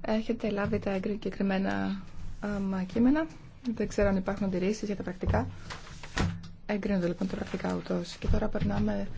Έχετε λάβει τα εγκεκριμένα κείμενα. Δεν ξέρω αν υπάρχουν αντιρρήσει για τα πρακτικά. Εγκρίνονται λοιπόν τα πρακτικά ούτω. Και τώρα περνάμε.